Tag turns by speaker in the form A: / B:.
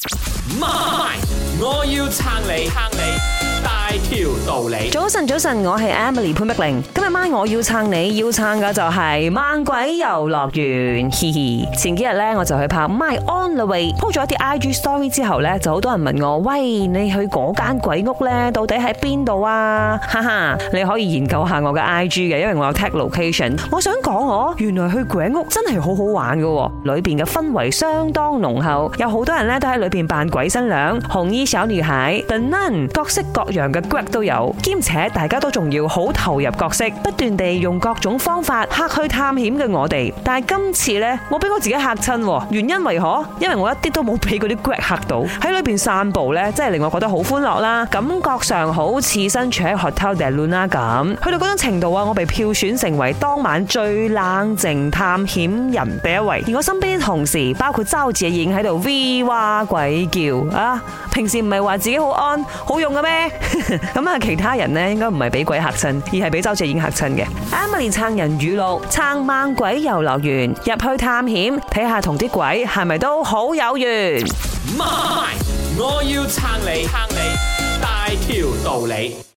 A: 媽咪，My, 我要撐你，撐你。大條道理，早
B: 晨，早晨，我係 Emily 潘碧玲，今日晚我要撐你，要撐嘅就係、是、猛鬼遊樂園，嘻嘻。前幾日咧我就去拍，My On the way，po 咗一啲 IG story 之後咧，就好多人問我，喂，你去嗰間鬼屋咧，到底喺邊度啊？哈哈，你可以研究下我嘅 IG 嘅，因為我有 tech location。我想講我原來去鬼屋真係好好玩嘅，裏邊嘅氛圍相當濃厚，有好多人咧都喺裏邊扮鬼新娘、紅衣小女孩、The Nun 各式各。羊嘅 Grag 都有，兼且大家都仲要好投入角色，不斷地用各種方法嚇去探險嘅我哋。但係今次呢，我俾我自己嚇親，原因為何？因為我一啲都冇俾嗰啲 Grag 嚇到，喺裏邊散步呢，真係令我覺得好歡樂啦，感覺上好似身處喺 Hotel de Luna 咁。去到嗰種程度啊，我被票選成為當晚最冷靜探險人第一位，而我身邊同事包括周智已經喺度 V 哇鬼叫啊！平時唔係話自己好安好用嘅咩？咁啊，其他人咧應該唔係俾鬼嚇親，而係俾周杰演嚇親嘅。阿媽嚟撐人語錄，撐猛鬼遊樂園入去探險，睇下同啲鬼係咪都好有緣。
A: 媽咪，我要撐你，撐你大條道理。